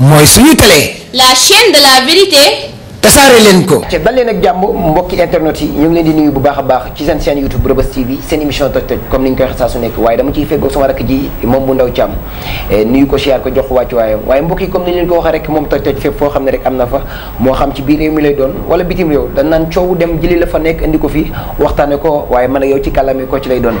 mooy suñu télé. la chaîne de la vérité. tasaare leen ko. dal leen ak jàmm mbokki internet yi ñu leen di nuyu bu baax a baax ci seen chaîne YouTube Reubeuss TV seen émission toj toj comme ni ñu koy waxee saa su nekk waaye dama ciy feggoog sama rakk ji moom bu ndaw càmm eh, nuyu ko siyaar ko jox wàccu waayam waaye mbokk yi comme ni leen ko waxee rek moom toj toj fépp foo xam ne rek am na fa moo xam ci biir réew mi lay doon wala bitim réew dañ naan coow dem jëli la fa nekk indi ko fi waxtaane ko waaye man ak yow ci kàllaame ko ci lay doon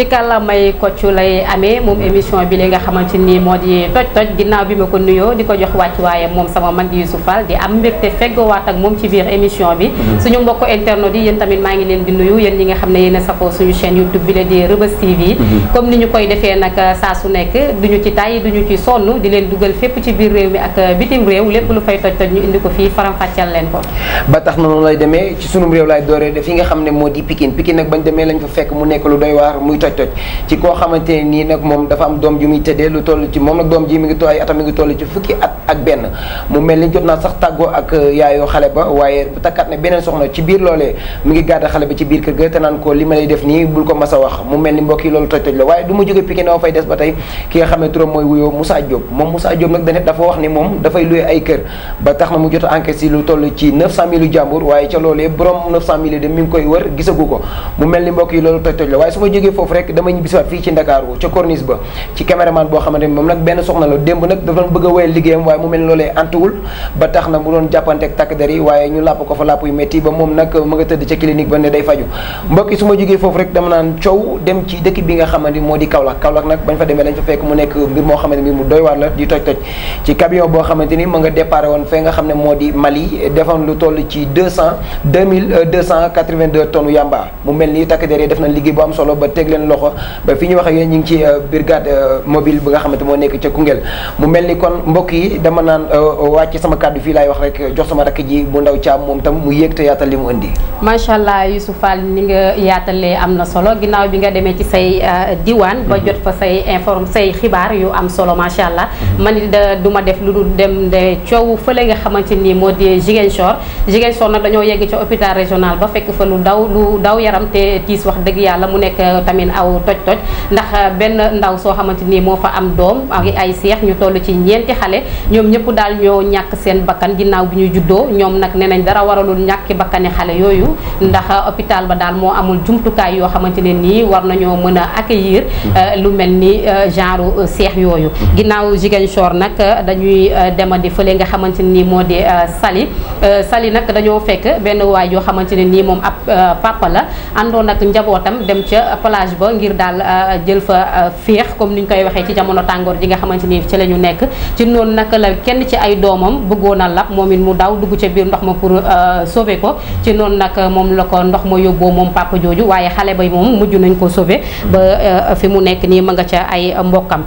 ci kàllaamay Kocc lay amee moom émission bi li nga xamante ni moo di toj toj ginnaaw bi ma ko nuyoo di ko jox wàcc waaye moom sama man di Youssouf Fall di am mbégte feggoowaat ak moom ci biir émission bi mm-hmm. suñu mbokk internet yi yéen tamit maa ngi leen di nuyu yéen ñi nga xam ne yéen a safoo suñu chaîne YouTube bi la di Reubeuss TV mm-hmm. comme ni ñu koy defee nag uh, saa su nekk duñu ci tàyyi duñu ci sonn di leen dugal fépp ci biir réew mi ak uh, bitim réew lépp lu fay toj toj ko fii faram leen ko ba tax na yi nga xam moo di Pikine Pikine nag bañ demee lañ fa fekk mu nekk lu doy waar koy toj ci koo xamante ne nii nag moom dafa am doom ju muy tëddee lu toll ci moom nag doom ji ci fukki at ak mu euh, ngi gàdda xale ba ci biir kër ga te naan ko li wax mu ni mbokk yi loolu toj toj la waaye na fay des ba tey ki u jàmbur mi ngi koy wër gisagu ko mu mel ni mbokk loolu toj toj la waaye su ma jógee foofu fekk damay ñibbisiwaat fii ci Ndakaaru ca corniche ba ci caméraman boo xamante ni moom nag benn soxna démb nag dafa doon bëgg a liggéeyam waaye mu mel ni takk der def na liggéey bu am solo ba tegle seen loxo ba fi ñu wax ak yéen ñu ngi ci euh, brigade euh, mobile bi nga xamante moo nekk ca Koungheul mu mel ni kon mbokk yi dama naan euh, wàcc sama kàddu fii laay wax rek jox sama rakk ji bu ndaw caam moom tam mu yéeg te yaatal li mu indi macha allah Youssouf Fall ni am na solo ginnaaw bi nga demee ci say diwaan ba mhm. jot fa say inform say yu am solo macha allah mhm. man da du ma def lu dul dem de coow fële nga xamante ni moo di Ziguinchor Ziguinchor nag dañoo yegg ca hôpital régional ba fekk fa lu daw tamit seen aw toj-toj ndax euh, benn ndaw soo xamante ni moo fa am doom ak ay seex ñu toll ci ñeenti xale ñoom ñëpp daal ñoo ñàkk seen bakkan ginnaaw bi ñu juddoo ñoom nag ne nañ dara waralul ñàkki bakkani xale yooyu ndax euh, hôpital ba daal moo amul jumtukaay yoo xamante ne nii war nañoo mën a accueillir mm-hmm. euh, lu mel ni genre seex yooyu mm-hmm. ginnaaw Ziguinchor nag dañuy demandi fële nga xamante ne nii moo di Saly Saly nag dañoo fekk benn waay yoo xamante ne nii moom ab papa la ak njabootam dem ca plage ba ngir daal euh, jël fa euh, féex comme ni ñu koy waxee ci jamono tàngoor ji nga xamante ni ci la ñu nekk ci noonu nag la kenn ci ay doomam bëggoon a lab moom it mu daw dugg ca biir ndox ma pour euh, sauver ko ci noonu nag moom la ko ndox ma yóbboo moom papa jooju waaye xale ba moom mujj nañ ko sauver ba fi mu nekk nii ma nga ca ay mbokkam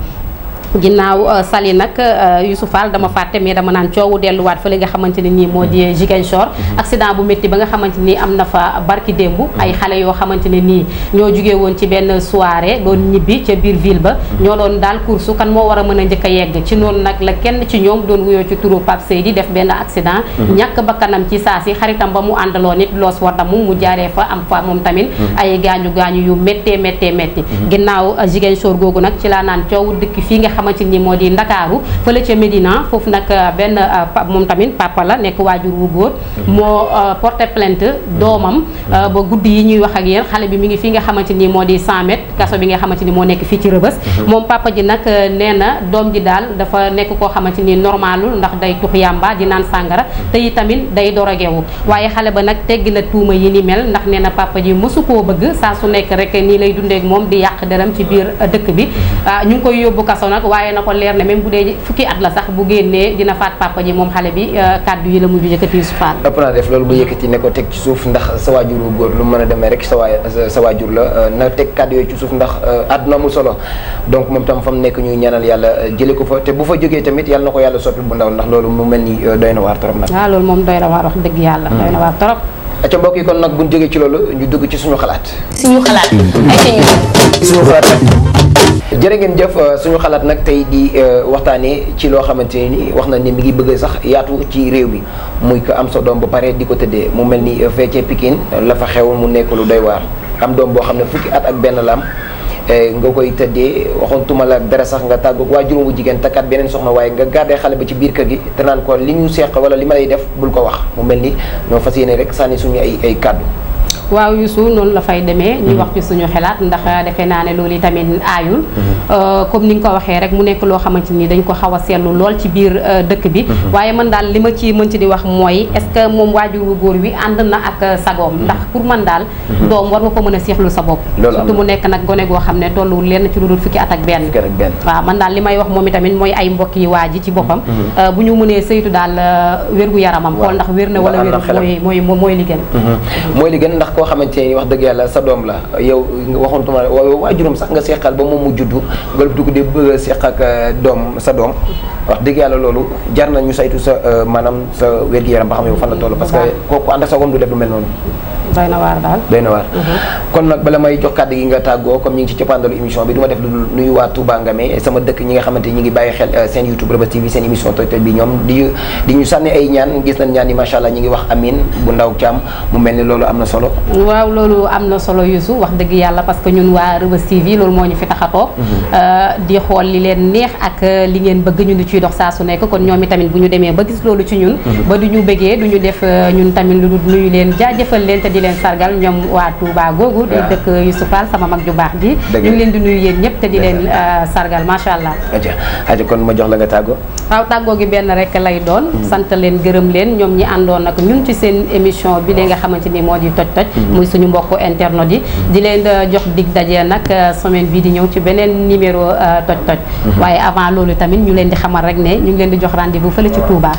ginnaaw euh, Saly nag euh, Youssou Fall dama fàtte mais dama naan coowu delluwaat fa li nga xamante ne nii moo di Ziguinchor mhm. accident bu métti ba nga xamante ni am na fa barki démb mhm. ay xale yoo xamante ne nii ñoo jugee woon ci benn soirée doon ñibbi ca biir ville ba mhm. ñoo doon daal course kan moo war a mën a njëkk a yegg ci noonu nag la kenn ci ñoom doon wuyoo ci turu Pape Seydi def benn accident ñàkk bakkanam ci saa si xaritam ba mu àndaloon nit loos war damu mu jaaree fa am moom tamit ay gaañu gaañu yu méttee méttee métti ginnaaw euh, Ziguinchor xamante ni moo di ndakaaru fële ca médina foofu nag euh, benn euh, moom tamit papa la nekk waajur wu góor mhm. moo euh, porté plainte doomam mhm. ba guddi yi ñuy wax ak xale bi mi ngi fi nga ni di 100 mètres kaso bi nga xamante ni moo nekk fii ci rëbës mhm. moom papa ji nag nee na doom ji daal dafa nekk ko xamante normalul ndax day tux yamba di naan sàngara te yi tamit day dorogewu waaye xale ba nag na tuuma yi ni mel ndax nee na papa ji mësu koo bëgg saa su nekk rek nii lay di deram ci biir dëkk bi ah, ñu koy waaye na ko leer ne même bu dee fukki at la sax bu génnee dina faat papa ji moom xale bi euh, kàddu yi la mujj yëkkati Youssouf Fall ëpp naa def loolu bu yëkkati ne ko teg ci suuf ndax sa waajur wu rek sa sa waajur la euh, na teg kàddu yooyu ci suuf ndax euh, mu solo donc moom tam fa mu nekk ñuy ñaanal yàlla jële ko fa te fa jógee tamit yàlla ko yàlla soppi bu ndaw ndax loolu mu mel ni doy moom doy na waar wax yàlla hmm. doy na waar torop acca kon nag buñ jógee ci loolu ñu dugg ci suñu xalaat ay suñu xalaat jërë ngeen jëf euh, suñu xalaat nag tey di euh, waxtaanee ci loo xamante ni wax na ni mi ngi bëgg sax yaatu ci réew mi muy ko am sa doom ba pare di ko tëddee mu mel ni euh, feccee Pikine la fa xew mu nekk lu doy waar am doom boo xam ne fukki at ak benn la am eh, nga koy tëddee waxoon tuma la dara sax nga tàggu waajur bu jigéen takkaat beneen soxna waaye nga gàddee xale bi ci biir kër gi te naan ko li ñu seeq wala li ma lay def bul ko wax mu mel ni ñoo fas yéene rek sànni suñu ay ay kàddu waaw Youssou noonu la fay demee mm-hmm. ñu wax ci suñu xalaat ndax defe naa ne loolu tamit aayul mm-hmm. euh, comme ni nga ko waxee rek mu nekk loo xamante ni dañ ko xaw a seetlu lool ci biir euh, dëkk bi mm-hmm. waaye man daal li ma ci mën ci di wax mooy est-ce que moom waajuru góor wi ànd na ak euh, sagoom ndax pour man daal war nga ko mën a seexlu sa bopp surtout mu nekk nag gone goo xam ne tolluwul lenn ci lu dul ak benn man daal li may wax moom itamit mooy ay mbokk yi waa ji ci boppam bu ñu mënee saytu daal wér gu yaramam xool ndax wér na wala wér mooy mooy mooy li mooy li ndax koo xamante ni wax dëgg yàlla sa doom la yow waxuntuma waajuram sax nga seqal ba moom mu juddu nga dugg di bëgg seq ak euh, doom sa doom wax dëgg yàlla loolu jar na ñu saytu sa euh, maanaam sa wér-gu-yaram ba xam yow fan la toll parce que kooku ànd ak sa doom du def lu mel noonu doy na waar daal mhm. kon nag bala may jox kàddu gi nga tàggoo comme ñi ci coppaandalu émission bi du def lu dul nuyu waa Touba Ngame sama dëkk ñi nga xamante ñi ngi bàyyi xel euh, seen YouTube Reubeuss TV seen émission toj toj bi ñoom di ñu sànni ay ñaan gis nañ ñaan yi macha allah ñi ngi wax amin bu ndaw caam mu mel ni loolu am na solo waaw loolu am na solo Youssou wax dëgg yàlla parce que ñun waa Reubeuss TV loolu moo ñu fi tax a toog mhm. euh, di xool li leen neex ak euh, li ngeen ba gis loolu ci mhm. leen sargal ñoom waa Touba googu di dëkk Youssou Fall sama mag ju baax ji ñu leen di nuyu yéen ñëpp te di leen euh, sargal macha allah aja kon ma jox la nga tàggoo waaw tàggoo gi benn rek lay doon hmm. sant leen gërëm leen ñoom ñi àndoon ak ñun ci seen émission bi lee nga xamante ni moo di toj toj hmm. muy suñu mbokk internet yi hmm. di leen euh, jox dig daje nag euh, semaine bii di ñëw ci beneen numéro toj toj waaye avant loolu tamit ñu leen di xamal rek ne ñu ngi leen di jox rendez-vous fële ci Touba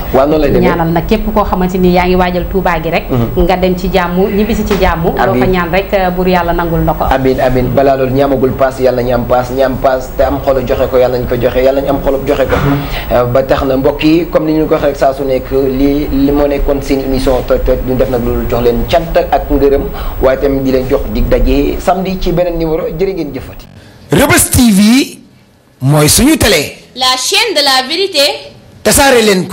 ñaanal nag képp koo xamante ni yaa ngi waajal Touba gi rek nga dem ci jàmm ñibbi gis ci jàmm loo ko ñaan rek eh, buur yàlla nangul na ko amin amin balaa loolu ñaamagul paas yàlla ñu am paas te am xolu joxe ko yàlla ñu ko joxe yàlla ñu am xolu joxe ko mm-hmm. eh, ba tax na mbokk comme ni ñu ko waxee saa su nekk lii li moo nekkoon seen émission toj toj ñu def nag loolu jox leen cant ak ngërëm waaye tamit di leen jox dig daje samedi ci beneen numéro jërë ngeen jëfati Reubeuss TV mooy suñu télé la chaîne de la vérité tasaare leen ko